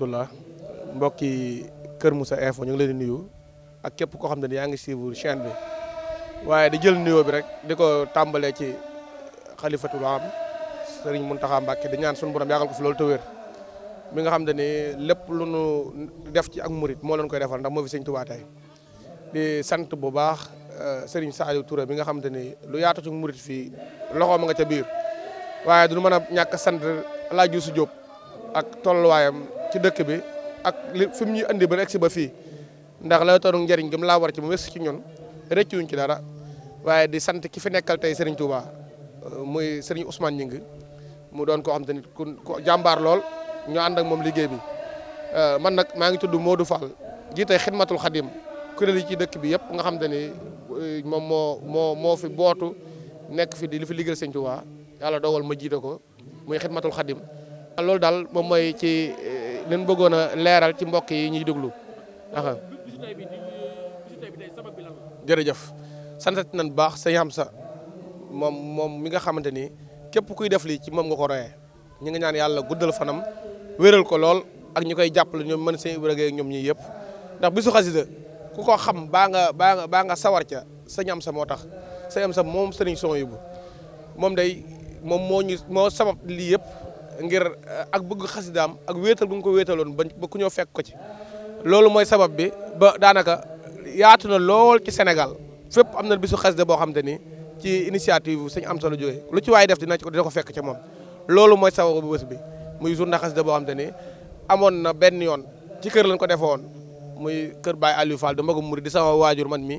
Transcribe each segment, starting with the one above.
alhamdulillah mbokki keur musa Info ñu ngi leen di nuyu ak kep ko xamne ya nga ngi suivre chaîne bi waye di jël nuyu bi rek diko tambalé ci khalifatul am Serigne muntaha mbacke di ñaan sunu borom yaagal ko fi lol te mi nga xamne ni lepp lu nu def ci ak murit mo leen koy defal ndax mo fi Serigne Touba tay di sante bu baax euh, Serigne Saliou Touré mi nga xamne ni lu yaatu ci fi loxo nga ca biir waye du mën mëna ñak sante El Diop ak wayam ci dëkk bi ak li fi mu ñuy indi ba egsi ba fii ndax la toon njariñ gam laa war ci mu wés ci ñun rëccuwuñ ci dara waaye di sant ki fi nekkal tey Serigne Touba euh, muy Serigne Ousmane Gningue mu doon koo xam te ni ku jàmbaar lool ñu ànd ak moom liggéey bi euh, man nag maa ngi tudd moo Modou Fall jiite xidmatul xadim kuréel li ci dëkk bi yëpp nga xam te ni euh, moom moo moo moo fi bootu nekk fi di li fi liggéeyal Serigne Touba yàlla dogal ma jiite ko muy xidmatul xadim loolu daal moom leen bëggoon léral ci mbokk yi ñuy dugglu aha jërëjëf santati nan baax sa yam sa mom mom mi nga xamanteni ni képp kuy def li ci mom nga ko royee ñi nga ñaan yalla guddal fanam wéral ko lool ak ñukay koy jàppale ñoom mën seen ak ñom ñi yépp ndax bisu xasida ku ko xam ba nga ba nga ba nga sawar ca sa ñam sa motax sa yam sa mom sëriñ son yi bu Mom day mom mo ñu mo sabab li yépp ngir eh, ak bëgg xasidaam ak wéetal gu nga ko wéetaloon ba ku ñëw fekk ko ci loolu mooy sabab bi ba daanaka yaatu na lool ci Sénégal fépp am na bisu xasida boo xam te ni ci initiative sëñ am solo jógee lu ci waay def dina dina ko fekk ca moom loolu mooy sababu bés bi muy journée xasida boo xam te ni amoon na benn yoon ci kër lañ ko defe woon muy kër baay Aliou Fall da magum muri di sama waajur man mi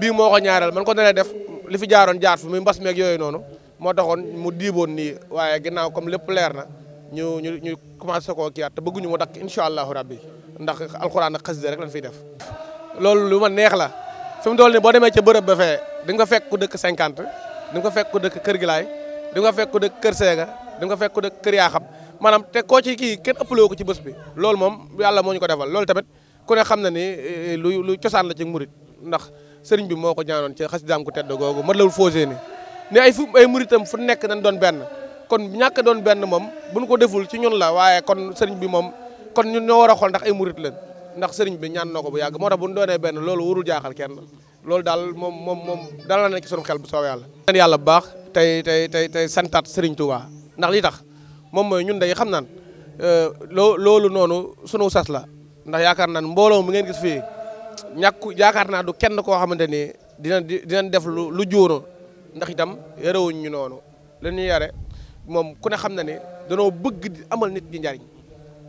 bii moo ko ñaareel man ko nenee def li fi jaaroon jaar fi muy mbas meeg yooyu noonu moo taxoon mu diiboon nii waaye ginnaaw comme lépp leer na ñu ñu ñu commencé koo kiiwaat te bëgguñu mu dakk incha allahu rabbi ndax alxuraan ak xasida rek lañ fiy def. loolu lu ma neex la fi mu toll boo demee ca bërëb ba fee di nga fekk ku dëkk 50 di nga fekk ku dëkk Kër Gilaay di nga fekk ku Kër Seega di nga fekk ku dëkk Kër Yaaxam maanaam te koo ci kii kenn ëppaloo ko ci bés bi loolu moom yàlla moo ñu ko defal loolu tamit ku ne xam na ni lu eh, eh, lu cosaan la ci murit ndax sëriñ bi moo ko ñaanoon ci xasidaam ku tedd googu mat lawul foosee ni ne ay fu ay mouritam fu nek dañ doon ben kon ñak doon ben mom, buñ ko deful ci ñun la waye kon sëriñ bi mom kon ñun ñoo wara xol ndax ay mourit lañ ndax sëriñ bi ñaan noko bu yag mo tax buñ doone ben benn loolu warul jaaxal kenn loolu dal mom mom mom dal na ci sunu xel bu soobee yalla sant yalla bu baax tay tay tay tey santaat sëriñ Touba ndax li tax mom moy ñun day xam naan euh loolu nonu sunu sas la ndax yaakar naan mbolo mu ngeen gis fi ñak yaakar na du kenn ko xamanteni dina dina def lu lu ndax itam yarewuñ ñu noonu la ñuy yare moom ku ne xam ne ne danoo bëgg di amal nit ñi njariñ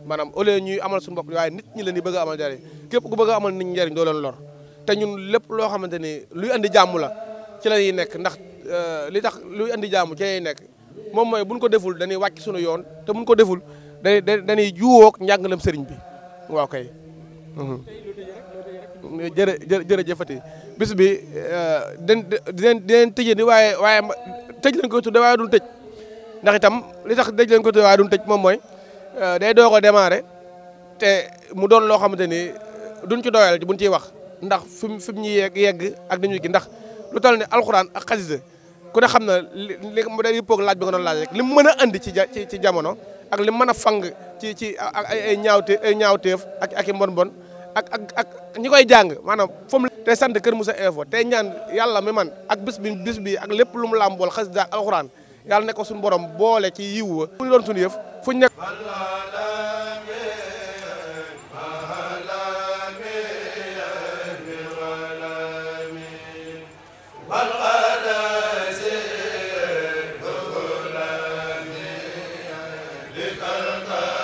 maanaam au lieu ñuy amal suñu bopp waaye nit ñi la ñuy bëgg amal njariñ képp ku bëgg amal nit ñi njariñ doo leen lor te ñun lépp loo xamante ni luy andi jàmm la ci la ñuy nekk ndax euh, li tax luy andi jàmm ci lay nekk moom mooy buñ ko deful dañuy wàcc suñu yoon te buñ ko deful dañuy dañuy juwoog njàngalam sëriñ bi waaw kay jërë jërëjëfati bis bi eh, den dineen dineen tëjee ni waaye waaye tëj lañ koy tudde waaye dul tëj ndax itam li tax tëj lañ koy tudde waaye dul tëj moom mooy eh, day doo ko démarré te mu doon loo xamante ni duñ ci doyal ci buñ ciy wax ndax fu mu fi ñuy yegg yegg ak ni ñu gi ndax lu tal ni alxuraan a xasida ku ne xam na li li mu day yëppoog laaj bi nga doon laaj li mu mën a andi ci ci ci jamono ak li mën a fang ci ci ay ñaawte ay ak ak i mbon ak ak ñi koy jàng maanaam fam tey sant Kër Moussa Info tey ñaan yàlla mi man ak bis bi ak lépp lu mu làmbool xasida ak alxuraan yàlla nekk ko suñu borom boole ci yiw wa fu ñu doon suñu yëf fu ñu nekk Lëkkal